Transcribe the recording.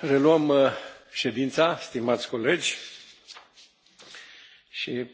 Reluăm ședința, stimați colegi, și